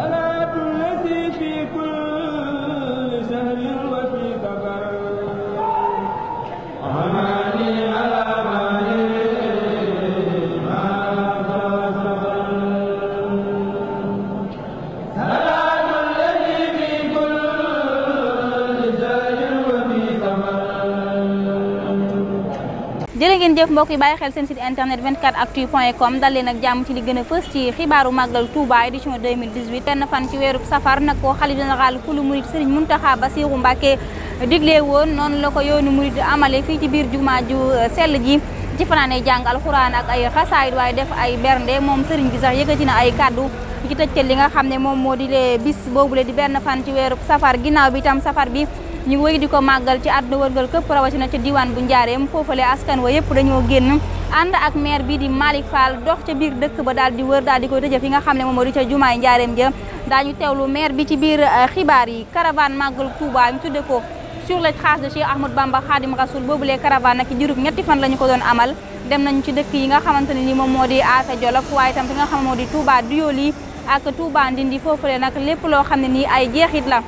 فلا jëf mbokk yi bàyyi xel seen site internet 24actu point com dal leen ak jàmm ci li gën a fës ci xibaaru màggal Touba édition 2018 benn fan ci weerub safar nag ko xalif général kulu murid Serigne Mountakha Bassirou Mbacké digle woon noonu la ko yoonu murid amale fii ci biir jumaa ju euh, sell ji ci fanaane jàng alxuraan ak ay xasaayit waaye def ay bernde moom Serigne bi sax yëkkati na ay kaddu ci tëjkal li nga xam ne moom moo di lee bis boobule di benn fan ci weerub safar ginnaaw bi itam safar bi ñu ngi wéy di ko màggal ci àdduna wërngal këpp rawatina ci diwaan bu njaareem foofale askan wa yëpp dañoo génn ànd ak meer bi di Malick Fall dox ca biir dëkk ba daal di wër daal di ko tëjëf yi nga xam ne moom moo di ca jumaay njaareem ja daañu teewlu maire bi ci biir euh, xibaar yi caravane màggal Touba ñu tudde ko sur la trace de Cheikh Ahmad Bamba Khadim Rasoul boobulee caravane nag jurub ñetti fan la ñu ko doon amal dem nañu ci dëkk yi nga xamante ne ni moom moo di Asa Jolof waaye tam fi nga xam ne moo di Touba Diyoli ak Touba Ndindi foofule nag lépp loo xam ne nii ay jeexit la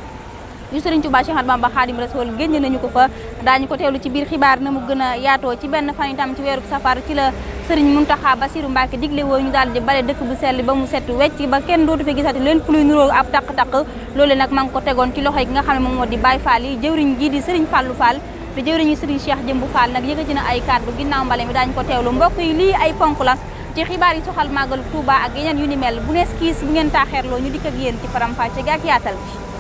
yu Serigne Touba Cheikh Ahmadou Bamba Khadim Rasoul génn nañu ko fa daañu ko teewlu ci biir xibaar na mu gën a yaatoo ci benn fan itam ci weeru safar ci digle woo ñu daal di bale dëkk bu sell ba mu set wecc ba kenn dootu fi gisati leen pluy nuroo ab taq-taq loolu nag maa ko tegoon ci loxo yi ki nga xam ne moom moo di Baye Fall yi jëwriñ jii di Serigne Fallou Fall te jëwriñu Serigne Cheikh Jëmbu Fall nag yëkkati na ay kàddu ginnaaw mbale ko teewlu mbokk yi lii ay ponk la ci xibaar yi soxal màggalu Touba ak yu ni mel bu nees kiis bu ngeen taaxeerloo ñu dikk ak yéen ci faram-fàcce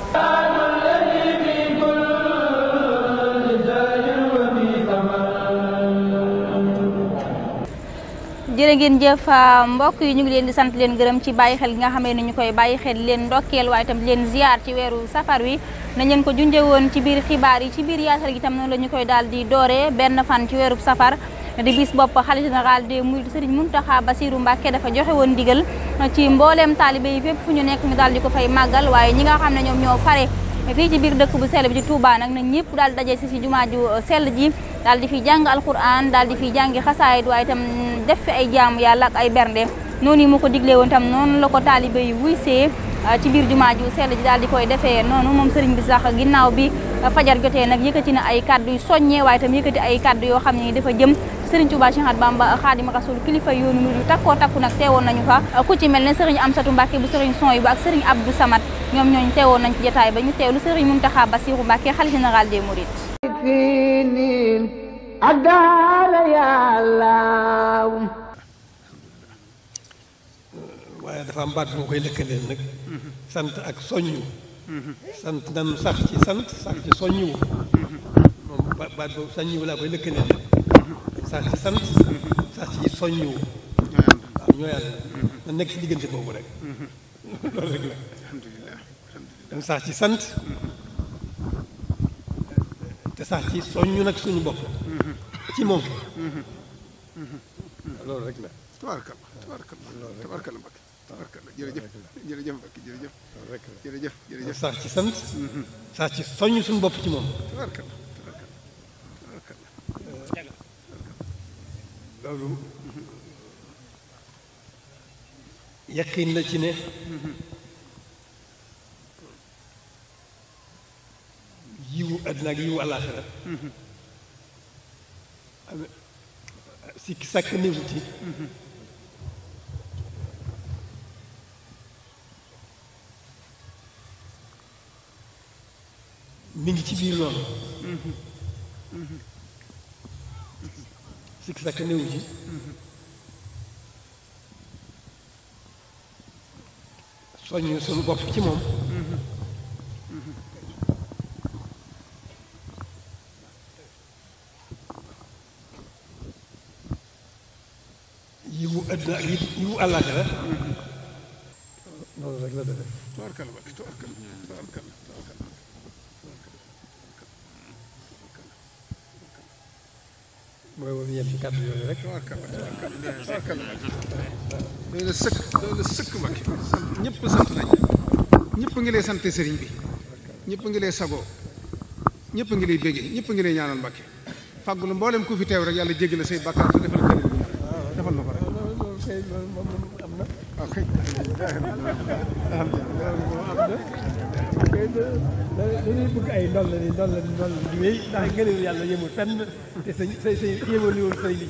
jërë ngeen jëf ah, mbokk yi ñu ngi leen di sant leen gërëm ci bàyyi xel gi nga xamee ne ñu koy bàyyi xel leen ndokkeel waaye itam leen ziar ci weeru safar wi nañ leen ko junjee woon ci biir xibaar yi ci biir yaatal gi tam noonu la ñu koy daal di doore benn fan ci weeru safar di bis bopp xalifa général des mourides Serigne Mountakha Bassirou Mbacké dafa joxe woon ndigal ci mbooleem taalibe yi fépp fu ñu nekk ñu daal di ko fay màggal waaye ñi nga xam ne ñoom ñoo fare fii ci biir dëkk bu sell bi ci Touba nag nag ñëpp daal daje si si jumaa ju sell ji daal di fi jàng alquran daal di fi jàngi xasaayit waaye tam def fi ay jaamu yàlla ak ay bernde noonu yi mu ko digle woon tam noonu la ko taalibe yi wuy see ah, ci biir jumaa ju sell ji daal di koy defe noonu moom sëriñ bi sax ginnaaw bi fajar jotee nag yëkkati na ay kàddu yu soññee itam yëkkati ay kàddu yoo xam ne dafa jëm Serigne Touba Cheikh Ahmadou Bamba Khadimou Rassoul kilifa yoonu murid yu takkoo takku nag teewoon nañu fa ku ci mel ne Serigne Amsatou Mbacké bu Serigne Sohaibou ak Serigne Abdou Samad ñoom ñooñu teewoon nañ ci jotaay ba ñu teewlu Serigne Mountakha Bassirou Mbacké khalife général des mourides addaala yàllaaw waaye dafa am bu koy lëkkaleel nag sant ak soññu sant nan sax ci sant sax ci soññu moom baat boobu soññu laa koy lëkkaleel saa si sant mm-hmm. nekk si diggante boobu rek mm-hmm. loolu rek la alhamdulilah dan sax ci sant mm-hmm. sax ci soññu nag suñu bopp ci moom rek la tabarakallah tabarakallah tabarakallah Mbacké tabarakallah jërëjëf jërëjëf Mbacké jërëjëf jërëjëf jërëjëf sax suñu bopp ci loolu mm-hmm. yaqin la ci ne mm-hmm. yiwu àddina ak yiwu àllaaxira mm-hmm. sikki sàkk néewuti mi ngi ci biir loolu sikk sàkk néew ji soññu suñu bopp ci moom yiwu àddina ak yiwu àllaaxira loolu rek la def mooy moom yem ci kàddu yooyu rek. waaw kàlla waaw kàlla doy na sëkk doy na sëkk Mbacke sant sant nañ ñëpp ngi lay sant sëriñ bi ñëpp ngi lay sagoo ñëpp ngi lay béggee ñëpp ngi lay ñaanal Mbacke fàggu la mboolem ku fi teew rek yàlla jéggi la say bàkkaar te defal ko defal na ko rek. Ah, dañuy ay ndol la la ni yàlla yëmul fenn te sëñ sëñ sëñ yëmaliwul sëñ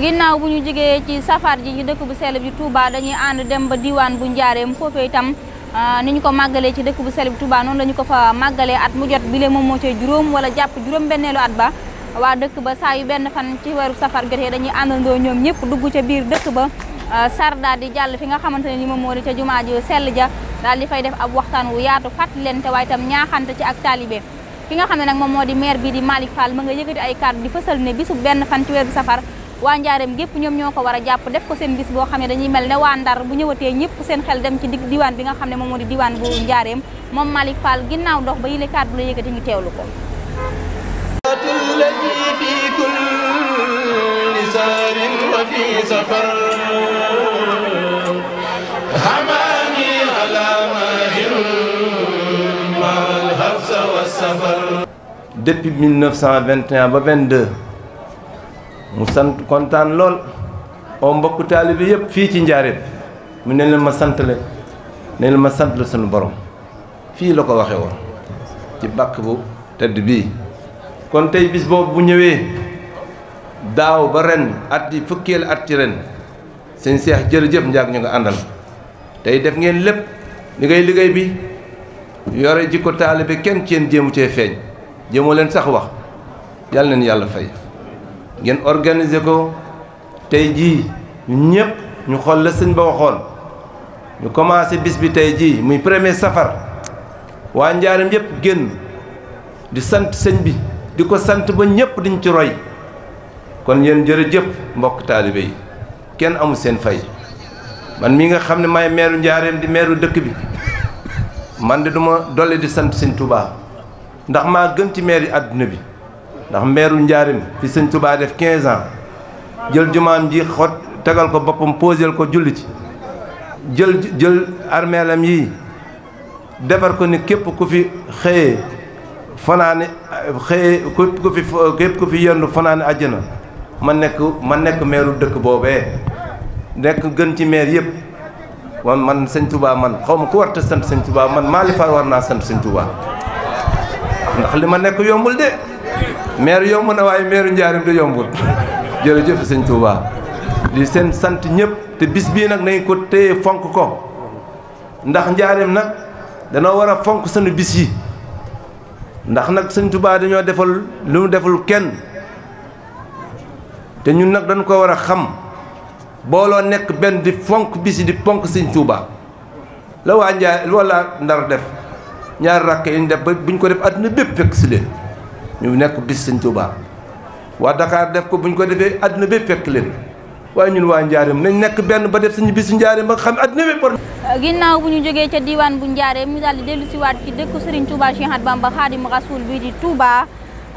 ginnaaw bu ñu jógee ci safar ji ñu dëkk bu sell bi Touba dañuy ànd dem ba diwaan bu Njaareem foofee itam ah, ni ñu ko màggalee ci dëkk bu sell bi Touba noonu la ñu ko fa màggalee at mu jot bile moom moo cee juróom wala jàpp juróom-benneelu at ba waa dëkk ba saa yu benn fan ci weeru safar jotee dañuy àndandoo ñoom ñëpp dugg ca biir dëkk ba euh, sar daal di jàll fi nga xamante ne ni moom moo di ca jumaa ji sell ja daal di fay def ab waxtaan wu yaatu fàttali leen waa tam itam ñaaxante ci ak taalibe ki nga xam ne nag moom moo di maire bi di Malick Fall ma nga yëkkati ay kàddu di fësal ne bisu benn fan ci weeru safar waa njaareem gépp ñoom ñoo ko war a jàpp def ko seen bis boo xam ne dañuy mel ne waa ndar bu ñëwatee ñëpp seen xel dem ci dig diwaan bi nga xam ne moom moo di diwaan bu moom Malick Fall ginnaaw dox ba yile kàddu la yëkkati ñu teewlu الذي في كل سار وفي سفر حماني على ماهر مع الحبس والسفر depuis 1921 ba 22 mu sant kontaan lool oo mbokk taalibe yépp fii ci njaareeb mu ne leen ma sant le ne leen ma sant la sunu borom fii la ko waxe woon ci bàkk bu tedd bii kon tey bis boobu bu ñëwee daaw ba ren at yi fukkeel at ci ren sëñ Seex jërëjëf njaag ñu nga àndal tey def ngeen lépp liggéey liggéey bi yore jikko taalibe kenn ci yéen jéemu cee feeñ jéemoo leen sax wax yàlla neen yàlla fay ngeen organise ko tey jii ñëpp ñu xool la sëñ ba waxoon ñu commencé bis bi tey jii muy premier safar waa njaaram yëpp génn di sant sëñ bi di ko sant ba ñépp diñ ci roy kon yéen jërëjëf mbokk taalibe yi kenn amul seen fay man mi nga xam ne may meeru njaareem di meeru dëkk bi man de duma dolli di sant sëñ Touba ndax maa gën ci meeri àdduna bi ndax meeru njaareem fi sëñ Touba def 15 ans jël jumaam ji xot tegal ko boppam posel ko julli ci jël jël armeelam yii defar ko ni képp ku fi xëyee fanaane xëye képp ku fi képp ku fi yendu fanaane àjjana ma nekk ma nekk meeru dëkk boobee nekk gën ci meer yëpp wan man sëñ Touba man xaw ma ku warta sant sëñ Touba man Maly Fall war naa sant sëñ Touba ndax li ma nekk yombul de meer yomb na waaye meeru njaarim du yombul jërëjëf sëñ Touba di seen sant ñëpp te bis bii nag nañ ko téye fonk ko ndax njaarim nag danoo war a fonk sunu bis yi ndax nag sëñ Tuubaa dañoo defal lu mu deful kenn te ñun nag dañ ko war a xam booloo nekk benn di fonk bisi di ponk sëñ Tuubaa la waa Njaay walla Ndar def ñaari rakk yi def ba buñ ko def àdduna bépp fekk si leen ñu nekk bis sëñ Tuubaa waa dakaar def ko bu buñ ko defee àdduna bépp fekk leen waaye ñun waa njaareem nañ nekk benn ba def suñu bisu xam adduna bi por euh, bu ñu jógee ca diiwaan bu njaareem ñu daal di dellu si waat ci dëkk Serigne Touba Cheikh Ahmadou Bamba Khadim Rasoul bii di Touba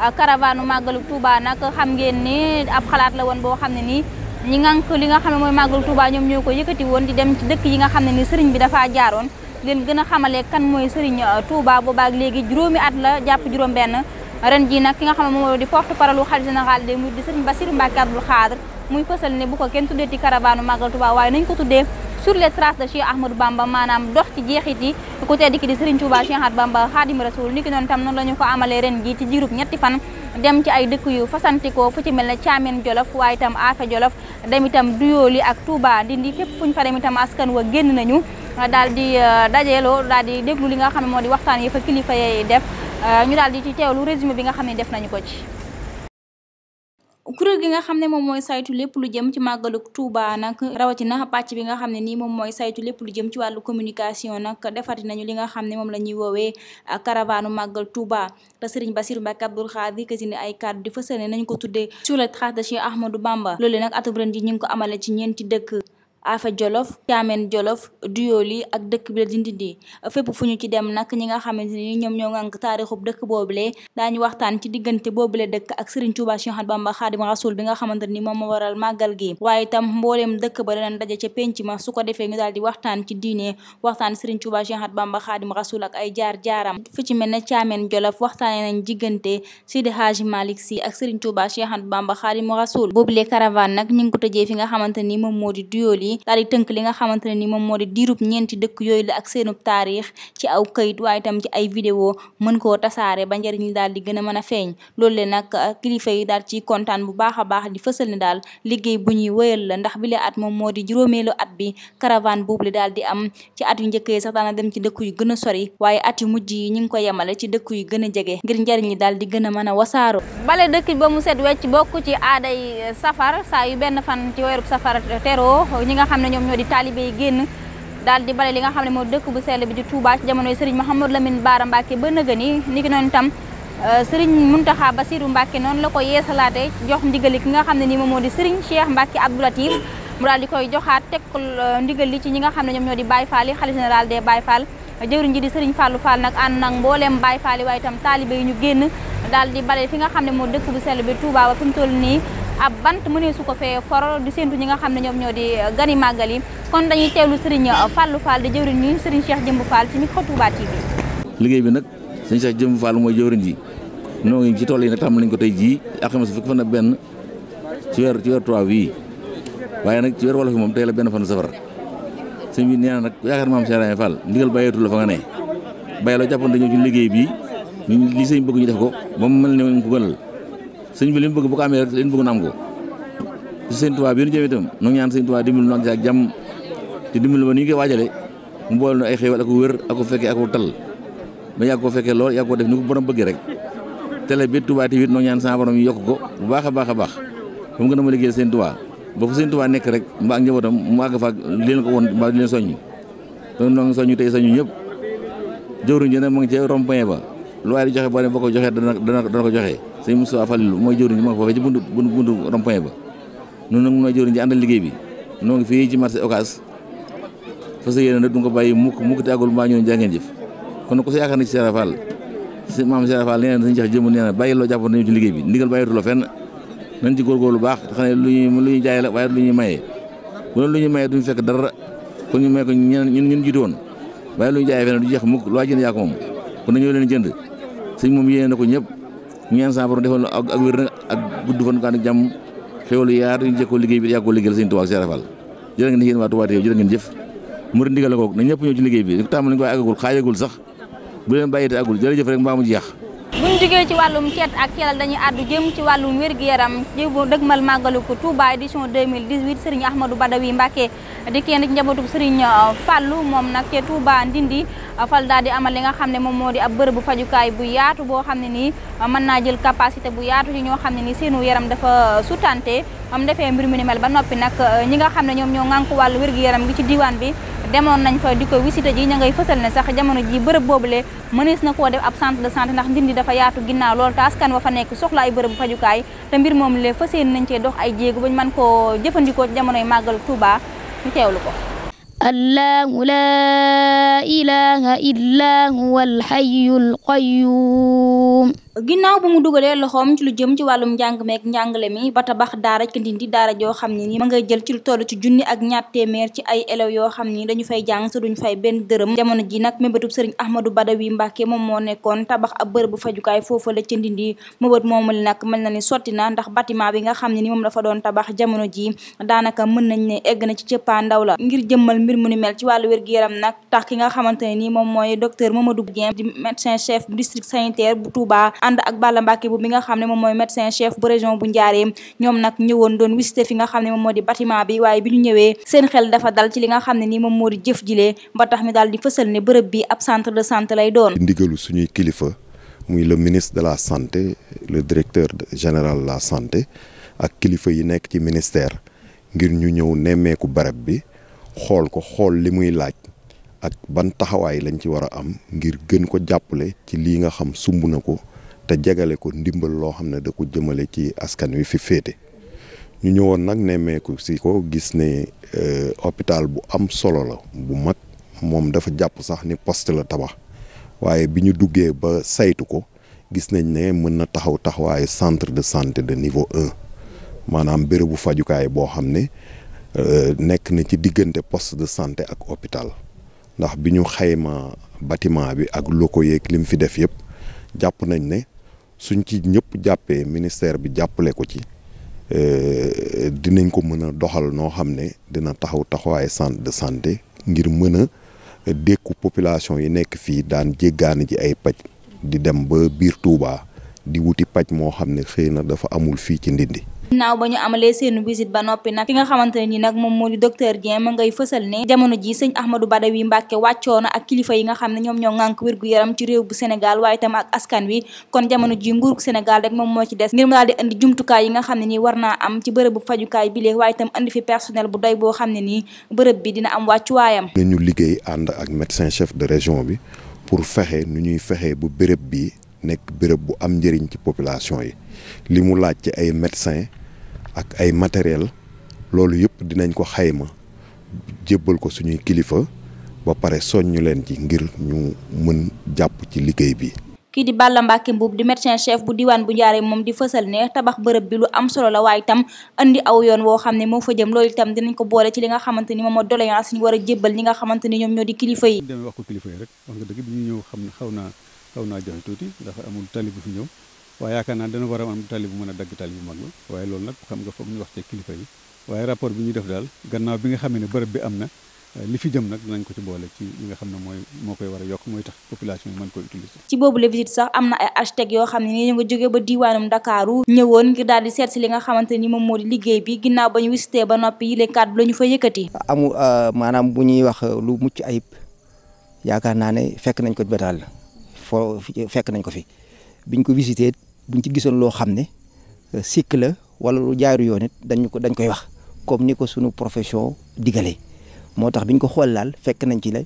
euh, caravane màggalu Touba nag xam ngeen ni ab xalaat la woon boo xam ne nii ñi ngànk li nga xam ne mooy màggalu Touba ñoom ñoo ko yëkkati woon di dem ci dëkk yi nga xam ne ni sëriñ bi dafaa jaaroon leen gën a xamale kan mooy sëriñ euh, Touba boobaak léegi juróomi at la jàpp juróom benn ren ji nag ki nga xam ne moom di porte parole u xalifa général des mourides di sëriñ Bassirou muy fësal ne bu ko kenn tuddee ci caravane Magal Touba waaye nañ ko tuddee sur les traces de Cheikh Ahmadou Bamba maanaam dox ci jeexit yi ku tedd ki di Serigne Touba Cheikh Ahmadou Bamba Khadim Rasoul niki noonu tam noonu la ñu ko amalee ren jii ci diirub ñetti fan dem ci ay dëkk yu fasantikoo fu ci mel ne Caamen Jolof waaye itam Afe Jolof dem itam Duyooli ak Touba Ndindi fépp fuñ fa dem itam askan wa génn nañu daal di euh, dajeeloo daal di déglu li nga xam ne moo di waxtaan yi fa kilifa yee def euh, daal di ci teewlu résumé bi nga xam ne def nañu ko ci. kuréel gi nga xam ne moom mooy saytu lépp lu jëm ci màggalu Touba nag rawatina pàcc bi nga xam ne nii moom mooy saytu lépp lu jëm ci wàllu communication nag defati nañu li nga xam ne moom la ñuy woowee caravane màggal Touba te Serigne basir Mbacké Abdoul Khadr kasi ni ay kàddu di fësal ne nañ ko tuddee sur le trace de Cheikh Ahmadou Bamba loolu nag atum ren ji ñu ngi ko amale ci ñeenti dëkk Afa Jolof Thiamène Jolof Diyoli ak dëkk bi la Dindindi fépp fu ñu ci dem nag ñi nga xamante ni ñoom ñoo ngànk taarixub dëkk boobule daañu waxtaan ci diggante boobule dëkk ak Serigne Touba Cheikh Ahmadou Bamba Khadim Rasoul bi nga xamante ni moom moo waral màggal gi waaye itam mbooleem dëkk ba danañ daje ca penc ma su ko defee ñu daal di waxtaan ci diine waxtaan Serigne Touba Cheikh Ahmadou Bamba Khadim Rasoul ak ay jaar jaaram fu ci mel ne Thiamène Jolof waxtaane nañ diggante Sidi Hadji Malick si ak Serigne Touba Cheikh Ahmadou Bamba Khadim Rasoul boobule caravane nag ñu ngi ko tëjee fi nga xamante ni moom moo di Diyoli nii daal di tënk li nga xamante ne ni moom moo di diirub ñeenti dëkk yooyu la ak seenub taarix ci aw kayit waaye tam ci ay vidéo mën koo tasaare ba njëriñ daal di gën a mën a feeñ loolu le nag ah, kilifa yi daal ciy kontaan bu baax a baax di fësal ne daal liggéey bu ñuy wëyal la ndax bi le at moom moo di juróomeelu at bi caravane boobu li daal di am ci at yu njëkk yi sax daana dem ci dëkk yu gën a sori waaye at yu mujj yi ñu ngi ko yemale ci dëkk yu gën a jege ngir njariñ li daal di gën a mën a wasaaro bale dëkk ba mu set wecc bokk ci aaday safar saa yu benn fan ci weerub safar teroo ñi nga xam ne ñoom ñoo di taalibe yi génn daal di bale li nga xam ne moo dëkk bu sell bi di Touba ci jamonoy Serigne Mouhamadou Lamine Bara Mbacke ba nëga ni ni ki noonu itam euh, Serigne Mountakha Bassirou Mbacke noonu la ko yeesalaate jox ndigali ki nga xam ne nii moom moo di Serigne Cheikh Mbacke Abdou Latif mu daal di koy joxaat euh, ndigal li ci ñi nga xam ne ñoom ñoo di Baye Fall yi xalifa général des Baye Fall jëwriñ ji di Serigne Fallou Fall nag ànd nag mbooleem Baye Fall yi waaye itam taalibe yi ñu génn daal di bale fi nga xam ne moo dëkk bu sell bi Touba ba fi mu nii ab bant mënee su ko fee for di séentu ñi nga xam ne ñoom ñoo di gani màggal kon dañuy teewlu Serigne Fallou Fall di jëwriñ ñi Serigne bi nag Serigne Cheikh Jëmb Fall mooy jëwriñ ji noo yi nag tàmm nañ ko tey jii alxames fukki fan ak benn ci nag ci weer wolof yi moom la benn fan safar sëñ na nag yaakaar maam Cheikh Fall liggéey bi ñu li bëgg ñu def ko ba mu mel ne ko gënal sëñ bi li mu bëgg bu ko amee rek li bëgg na am ko ci sëñ Tuubaa bi nu jëm itam nu ñaan sëñ Tuubaa dimbali nag ak jàmm te dimbali ba ni ñu koy waajale mu boole nu ay xéewal ak wér ak fekkee ak tal ba yàgg ko fekkee lool yàgg ko def ni ko borom bëggee rek télé bi Tuubaa TV it ñaan sama borom yi yokk ko bu baax a baax a baax ba mu gën a ma liggéey sëñ Tuubaa ba fu sëñ Tuubaa nekk rek mbaa ak njabootam mu àgg fa leen ko woon mbaa di leen soññ donc noo ngi soññ tey soññ ñëpp jëwriñ ji nag mu ba lu waaye di joxe boo ne boo ko joxee dana dana ko joxee sëñ Moussa Fallou mooy jëwriñ ma nga foofee ci buntu buntu ci àndal liggéey bi noo ngi fii ci marché Ocass fas du nga ko bàyyi mukk mukk te àggul mbaa ñëw jàngeen jëf kon ko sa yaakaar na ci Serigne Fall si maam Serigne Fall nee na sañ jëmm nee bàyyi loo jàppoon nañu ci liggéey bi ndigal bàyyituloo fenn nañ ci góorgóorlu baax te xam ne lu ñuy lu ñuy lu ñuy mayee bu doon lu ñuy mayee duñu fekk dara kon ñu may ko ñeneen ñun ñun jiitu woon waaye lu ñu jaayee fenn du jeex mukk lu waa jënd yaa ko moom kon nañoo leen moom yéene na ko ñëpp ñu ñaan sa borom defal ak ak wér nag ak gudd fan kaan ak jàmm xéwalu yaar ñu jëkkoo liggéey bi yàggoo liggéeyal sëñ Tuubaa ak Serafal jërë ngeen yéen waa Touba Téye jërë ngeen jëf murid ndigal la ko na ñëpp ñëw ci liggéey bi tàmm nañ ko àggagul xaajagul sax bu leen bàyyite àggul jërëjëf rek mbaa mu jeex buñ jógee ci wàllum ceet ak celal dañuy àddu jëm ci wàllum wér-gu-yaram jëm dëgmal màggalu ko Touba édition 2018 Serigne Ahmadou Badawi Mbacke di kenn ci njabootu Serigne euh, Fallou moom nag ca Touba Ndindi euh, fal daal di amal li nga xam ne moom moo di ab bërëbu fajukaay bu yaatu boo xam ne nii euh, mën naa jël capacité bu yaatu ci ñoo xam ne nii seenu yaram dafa sutante am defee mbir mi ni mel ba noppi nag ñi nga xam ne ñoom ñoom ŋànku wàllu wér yaram gi ci diwaan bi demoon nañ fa di ko visité ji ña ngay fësal ne sax jamono ji bërëb boobu boobule mënees na koo def ab centre de santé ndax ndindi dafa yaatu ginnaaw loolu te askan wa fa nekk soxla ay bërëbu fajukaay te mbir moom le fas yéene nañ cee dox ay jéego bañ mën koo jëfandikoo ci jamonoy màggal tubaa ñu teewlu ko الله la إله إلا هو الحي القيوم ginnaaw bu mu dugalee loxoom ci lu jëm ci wàllum njàng meek njàngale mii ba tabax daara ci Ndindi daara joo xam ni ni ma ngay jël ci lu toll ci junni ak ñaar téeméer ci ay élèves yoo xam ni dañu fay jàng sa fay benn dërëm jamono ji nag mébétub sëriñ Ahmadou Badawi Mbàkke moom moo nekkoon tabax ab bërëb bu fajukaay foofa la ci Ndindi mëbët moom mën nag mel na ni sotti na ndax bâtiment bi nga xam ne ni moom dafa doon tabax jamono ji mbir mu ni mel ci wàllu wér-gu-yaram nag tax ki nga xamante ne nii moom mooy docteur Mamadou Dieng di médecin chef district sanitaire bu Touba ànd ak Balla Mbacke bu mi nga xam ne moom mooy médecin chef bu région bu Njaareem ñoom nag ñëwoon doon visité fi nga xam ne moom moo di bâtiment bi waaye bi ñu ñëwee seen xel dafa dal ci li nga xam ne nii moom moo di jëf jilee ba tax mi daal di fësal ne bërëb bi ab centre de santé lay doon ndigalu suñuy kilifa muy le ministre de la santé le directeur général la santé ak kilifa yi nekk ci ministère ngir ñu ñëw nemmeeku barab bi xool ko xool li muy laaj ak ban taxawaay lañ ci war a am ngir gën ko jàppale ci lii nga xam sumb na ko te jagale ko ndimbal loo xam ne da ko jëmale ci askan wi fi féete ñu ñëwoon nag nemmeeku si ko gis ne euh, hôpital bu am solo la bu mag moom dafa jàpp sax ni post la tabax waaye bi ñu duggee ba saytu ko gis nañ ne mën na taxaw taxawaayu centre de santé de niveau maanaam bérébu fajukaay boo xam ne Euh, nekk na ci diggante poste de santé ak hôpital ndax bi ñu xayma bâtiment bi ak locaux ko yéeg mu fi def yëpp jàpp nañ ne suñ ci ñëpp jàppee ministère bi jàppale ko ci euh, dinañ ko mën a doxal noo xam ne dina taxaw taxawaayu centre de santé ngir mën a dékku population yi nekk fii daan jéggaani ji ay paj di dem ba biir tuubaa di wuti paj moo xam ne xëy na dafa amul fii ci Ndindi ginnaaw ba ñu amalee seenu visite ba noppi nag ki nga xamante ne ni nag moom moo di docteur Dieng ma ngay fësal ne jamono ji sëñ Ahmadou Badawi Mbàkke wàccoona ak kilifa yi nga xam ne ñoom ñoo ŋànk wér-gu-yaram ci réew bu Sénégal waaye tam ak wi kon jamono ji nguurug Sénégal rek moom moo ci des ngir mu daal di indi jumtukaay yi nga xam ne nii war naa am ci bërëb bu fajukaay bi léegi waaye tam indi fi personnel bu doy boo xam ne nii bërëb bi dina am wàccuwaayam ñu liggéey ànd ak médecin chef de région bi pour fexe nu ñuy fexe bu bërëb bi nekk béréb bu am njëriñ ci population yi li mu laaj ci ay médecins ak ay matériel loolu yëpp dinañ ko xayma jébbal ko suñuy kilifa ba pare soññu leen ci ngir ñu mën jàpp ci liggéey bi. kii di Balla Mbacke Mbuub di médecin chef bu diwaan bu Ndiarème moom di fësal ne tabax bërëb bi lu am solo la waaye itam andi aw yoon woo xam ne moo fa jëm loolu itam dinañ ko boole ci li nga xamante ni moom moo doléance ñu war a jébbal ñi nga xamante ni ñoom ñoo di kilifa yi. demee rek wax nga dëgg ñëw xam ne xaw naa xaw naa jafe tuuti ndax amul tali bu fi ñëw waaye yaakaar naa dana war a am tali bu mën a dagg tali bu mag la waaye loolu nag xam nga foog ñu wax ci kilifa yi waaye rapport bi ñu def daal gannaaw bi nga xamee ne bi na li fi jëm nag dinañ ko ci boole ci nga xam ne mooy moo koy war yokk mooy tax population yi mën koy boobu la sax am na ay architecte yoo xam ne ni ñu nga jógee ba diwaanum Dakaaru ñëwoon ngir daal di seet si li nga xamante ni moom moo di liggéey bi ginnaaw ba ñu wisitee ba noppi yile kàddu la ñu fa yëkkati. amul euh, maanaam bu ñuy wax lu mucc ayib yaakaar naa ne fekk nañ ko bétaal fo fekk nañ ko fi biñ ko bu ñu ci gisoon loo xam ne euh, sikk la wala lu jaaru yoon it dañ ko dañ koy wax comme ni ko sunu profession digalee moo tax biñ ko xool laal fekk nañ ci la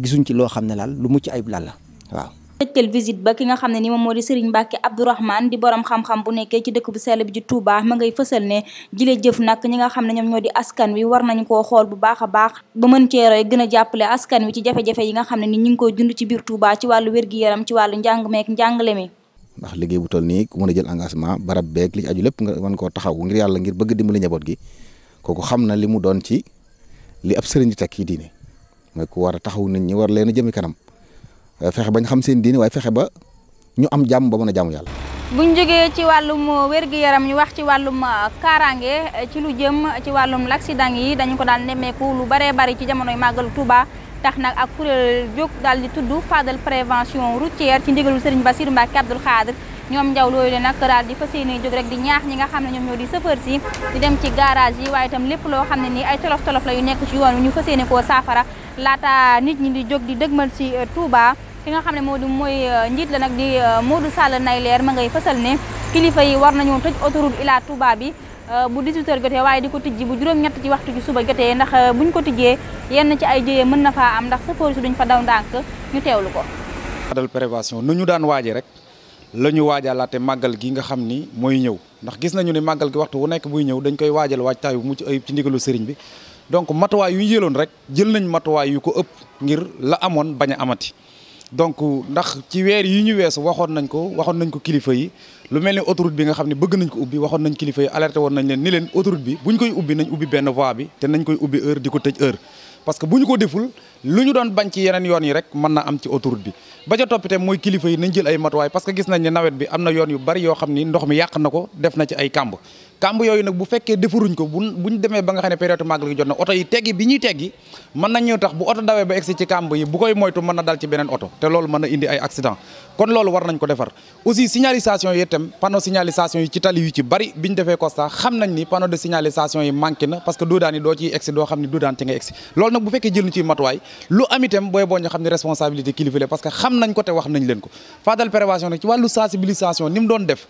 gisuñ ci loo xam ne laal lu mucc ayib laal la waaw. tëjtal visite ba ki nga xam ne ni moom moo di Serigne Mbacke Abdourahmane di borom xam-xam bu nekkee ci dëkk bu sell bi ji Touba ma ngay fësal ne jile jëf nag ñi nga xam ne ñoom ñoo di askan wi war nañ ko xool bu baax a baax ba mën cee roy gën a jàppale askan wi ci jafe-jafe yi nga xam ne ni ñu ngi koy dund ci biir Touba ci wàllu wér-gi-yaram ci wàllu njàng meek njàngale mi ndax liggéey bu toll nii ku mën a jël engagement barab beeg li ci aju lépp nga mën taxaw ngir yàlla ngir bëgg dimbali njaboot gi kooku xam na li mu doon ci li ab sëriñ di teg kii diine mooy ku war a taxaw nit ñi war leen a jëmi kanam fexe bañ xam seen diine waaye fexe ba ñu am jàmm ba mën a jaamu yàlla. buñ jógee ci wàllum wér-gu-yaram ñu wax ci wàllum uh, kaaraange uh, ci lu jëm ci wàllum l'accident yi dañu ko daal nemmeeku lu baree bari ci jamonoy màggalu Touba. tax nag ak kuréel jóg daal di tudd Fadal prévention routière ci ndigalul Serigne Bassirou Mbacke Abdoul Khadr ñoom njaw loolu nag raal di fas yéene jóg rek di ñaax ñi nga xam ne ñoom ñoo di chauffeur si di dem ci garage yi waaye tam lépp loo xam ne ni ay tolof tolof yu nekk ci yoon ñu fas yéene koo laata nit ñi di jóg di dëgmal si uh, Touba. ki nga xam ne moo di mooy euh, njiit la nag di euh, Modou Sall Nayleer ma ngay fësal ne kilifa yi war nañu tëj autoroute Ila Touba bi euh, bu 18h jotee waaye di ko tijji bu juróom-ñett ci waxtu ci suba jotee ndax buñ ko tijjee yenn ci ay jëyee mën na faa am ndax safari si duñ fa daw ndànk ñu teewlu ko. dal prévention nu ñu daan waaje rek la ñu waajalaate màggal gi nga xam ni mooy ñëw ndax gis nañu ne màggal gi waxtu wu nekk muy ñëw dañ koy waajal waaj bu mucc ayib ci ndigalu sëriñ bi donc matuwaay yu jëloon rek jël nañ matuwaay yu ko ëpp ngir la amoon bañ a amati donc ndax ci weer yi ñu weesu waxoon nañ ko waxoon nañ ko kilifa yi lu mel ni autoroute bi nga xam ne bëgg nañ ko ubbi waxoon nañ kilifa yi woon nañ leen ni leen autoroute bi koy ubbi nañ ubbi benn bi te nañ koy ubbi heure di ko tëj heure parce que bu ñu ko deful lu ñu doon bañ ci yeneen yoon yi rek mën na am ci autoroute bi ba ca toppite mooy kilifa yi nañ jël ay matuwaay parce que gis nañ ne nawet bi am na yoon yu bari yoo xam ni ndox mi yàq na ko def na ci ay kàmb kamb yooyu nag bu fekkee defaruñ ko bu buñ demee ba nga xam ne période màggal gi jot na oto yi teggi bi ñuy teggi mën nañu tax bu loolu mën na indi ay accident kon loolu war nañ ko defar aussi signalisation yi itam panneau signalisation yi ci tali yu bari bi defee constat xam nañ ni panneau de signalisation yi manqué na parce que doodaan yi doo ciy egsi doo xam ne doodaan ci nga egsi loolu nag bu fekkee jël ñu ciy matuwaay lu am itam booy boo ñu xam ne responsabilité kilifa parce que xam nañ ko te wax nañ leen ko Fadal Prévention nag ci wàllu sensibilisation doon def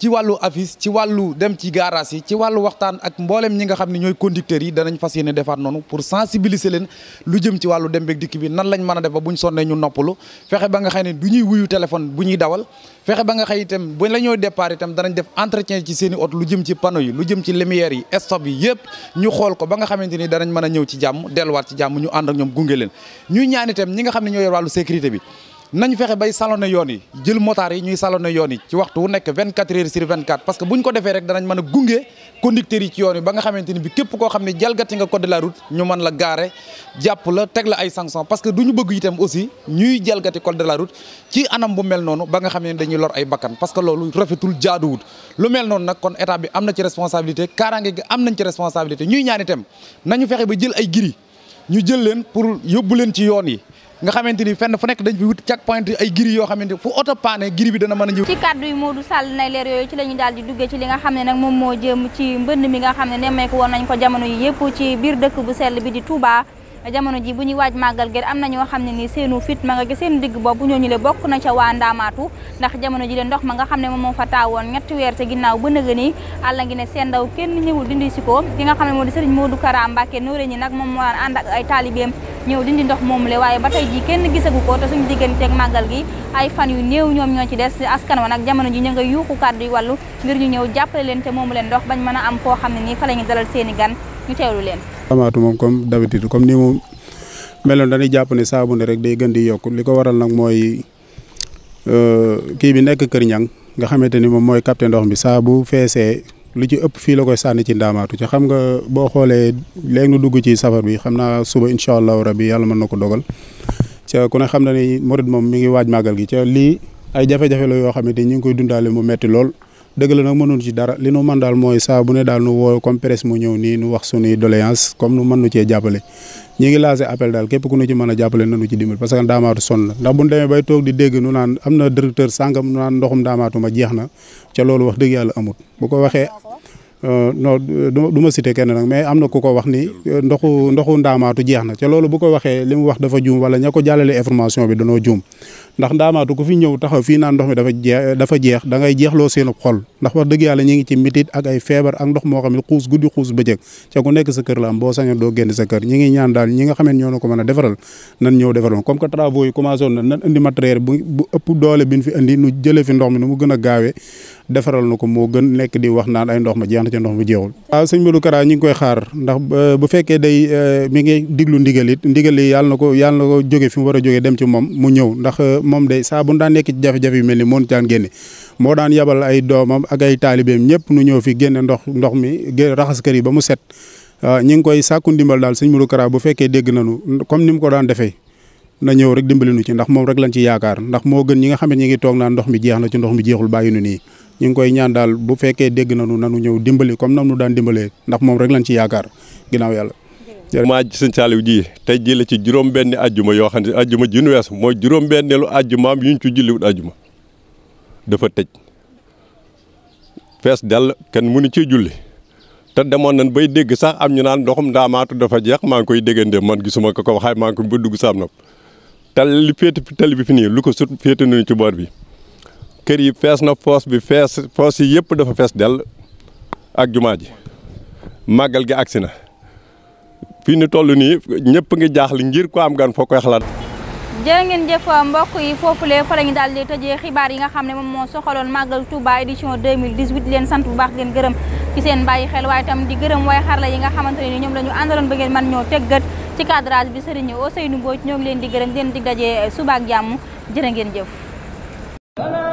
ci wàllu affiche ci wàllu dem ci garage yi ci wàllu waxtaan ak mboolem ñi nga xam ne ñooy conducteurs yi danañ fas yéene defaat noonu pour sensibiliser leen lu jëm ci wàllu dem beeg dikk bi nan lañ mën a def ba buñ sonnee ñu noppalu fexe ba nga xëy ne du ñuy wuyu téléphone bu ñuy dawal fexe ba nga xëy itam bu la ñooy départ itam danañ def entretien ci seeni i lu jëm ci panneau yi lu jëm ci lumière yi stop yi yëpp ñu xool ko ba nga xamante ni danañ mën a ñëw ci jàmm delluwaat ci jàmm ñu ñoom gunge leen ñuy ñaan ñi nga xam ne ñoo yor sécurité bi nañu fexe bay salon saloné yoon yi jël motaar yi ñuy saloné yoon yi ci waxtu wu nekk 24 heures sur 24 parce que bu ñu ko defee rek danañ mën a gunge conducteurs yi ci yoon yi ba nga xamante ni bi képp koo xam ne jalgati nga ko de la route ñu mën la gaare jàpp la teg la ay sanctions parce que du ñu bëgg itam aussi ñuy jalgati code de ci anam bu mel noonu ba nga xamee ne dañuy lor ay bakkan parce que loolu rafetul jaaduwut lu mel noonu nag kon état bi am na ci responsabilité kaaraange gi am nañ ci responsabilité ñuy ñaan itam nañu fexe ba jël ay giri ñu jël leen pour yóbbu leen ci yoon yi nga xamante ni fenn fu nekk dañ fi wut check point ay giri yoo xamante fu oto paane giri bi dana mën a ñëw ci kàddu yi Modou Sall nay leer yooyu ci la ñu duggee ci li nga xam ne nag moom moo jëm ci mbënd mi nga xam ne nemmeeku woon nañ ko jamono yi yëpp ci biir dëkk bu sell bi di Touba jamono ji bu ñuy waaj màggal gër am na ñoo xam ne ni seenu fit ma nga gis seen digg boobu ñooñu le bokk na ca waa ndaamaatu ndax jamono ji le ndox ma nga xam ne moo fa taawoon ñetti weer ca ginnaaw ba nëga nii àlla ngi ne seen si ko ki nga xam ne moo di sëriñ Modou Kara Mbacke nooré ñi nag moom moo daan ànd ak ay taalibeem moom le waaye ba tey ji kenn gisagu ko te suñu digganteeg màggal gi ay fan yu new ñoom ñoo ci des askan wa nag jamono ji ñu nga yuuxu kàddu yu wàllu ngir ñu ñëw jàppale leen te moomu leen ndox bañ mën a am foo xam ne ni fa la ñu dalal seeni gan ñu teewlu leen xamaatu moom comme d'habitude comme ni moom meloon dañuy jàpp ne saabu ne rek day gën di yokk li ko waral nag mooy euh, kii bi nekk Kër Ñang nga xamante ni moom mooy capté ndox mi saa bu feesee lu ci ëpp fii la koy sànni ci ndamaatu ci xam nga boo xoolee léegi nu dugg ci safar bi xam naa suba incha allahu rabi yàlla mën na ko dogal ca ku ne xam na ni murid moom mi ngi waaj màggal gi ci lii ay jafe-jafe la yoo xamante ni ñu ngi koy dundaale mu metti lool dëgg la nag mënuñu ci dara li nu mën daal mooy saa ne daal nu woo comme presse mu ñëw nii nu wax suñuy doléance comme nu mën nu cee jàppale ñi ngi lancé appel daal képp ku nu ci mën a jàppale nanu ci dimbal parce que ndaamaatu sonn na ndax bu ñu demee bay toog di dégg nu naan am na directeur sàngam nu naan ndoxum ndaamaatu ma na ca loolu wax dëgg yàlla amut bu ko waxee Euh, non du ma cité kenn nag mais am na ku ko wax ni euh, ndoxu ndoxu ndaamaatu jeex na ca loolu bu ko waxee li mu wax dafa juum wala ña ko jàllale information bi danoo juum ndax ndaamaatu ko fi ñëw taxaw fii naan ndox mi dafa jeex dafa jeex da jeexloo seenub xol ndax wax dëgg yàlla ñu ngi ci mitit ak ay feebar ak ndox moo xam ne xuus guddi xuus bëccëg ca ku nekk sa kër la am boo sañoon doo génn sa kër ngi ñaan daal ñi nga xam ñoo na ko mën a defaral nan ñëw defaral comme que travaux yi commenc woon na nan indi bu doole bi ñu fi indi nu jëlee fi ndox mi nu mu gën a gaawee defaral na ko moo gën nekk di wax naan ay ndox ma jeex na ca ndox mi jeexul waaw sëñ Modou Kara ñu ngi koy xaar ndax euh, bu fekkee day euh, mi ngi diglu ndigalit it ndigal yàlla na ko yàlla na jóge fi mu war a jógee dem ci moom mu ñëw ndax euh, moom day saa daan nekk ci jafe yu mel ni moon daan génne moo daan yabal ay doomam ak ay taalibeem ñëpp nu ñëw fi génne ndox ndox mi raxas kër yi ba mu set ñi ngi koy sàkku ndimbal daal sëñ Modou Kara bu fekkee dégg nañu comme ni mu ko daan defee na ñëw rek dimbali nu ci ndax moom rek lañ ci yaakaar ndax moo gën ñi nga xam ne ñi ngi toog naan ndox mi jeex na ci ndox mi jeexul bàyyi nu nii ñu ngi koy ñaan daal bu fekkee dégg nañu nanu ñëw dimbali comme nam nu daan dimbalee ndax moom rek lañ ci yaakaar ginnaaw yàlla maa sëñ Saaliw ji tey ji ci juróom benni ajjuma yoo xam ne ajjuma ji nu weesu mooy juróom benneelu ajjumaam yuñ ci julliwut ajjuma dafa tëj fees dell kenn mënu ci julli te demoon nañ bay dégg sax am ñu naan ndoxum ndaamaatu dafa jeex maa ngi koy déggandee man gisuma ko ko waxaay maa ngi ko ba dugg saam nopp tal li féete tali bi fi nii lu ko sut féete nañu ci boor bi kër yi fees na foos bi fees foos yi yëpp dafa fees dell ak jumaa ji màggal gi agsi na fii ni toll nii ñëpp ngi jaaxle ngir ko am gan foo koy xalaat. jërë ngeen jëf mbokk yi foofulee fa la ñu daal xibaar yi nga xam ne moo soxaloon màggal Touba édition 2018 di leen sant bu baax di leen gërëm ci seen bàyyi xel waaye itam di gërëm waaye xarala yi nga xamante ni ñoom la àndaloon ba ngeen mën ñoo teggat ci cadrage bi Serigne Ousseynou Mbodj ñoo ngi leen di gërëm di leen di dajee suba ak jàmm jërë ngeen jëf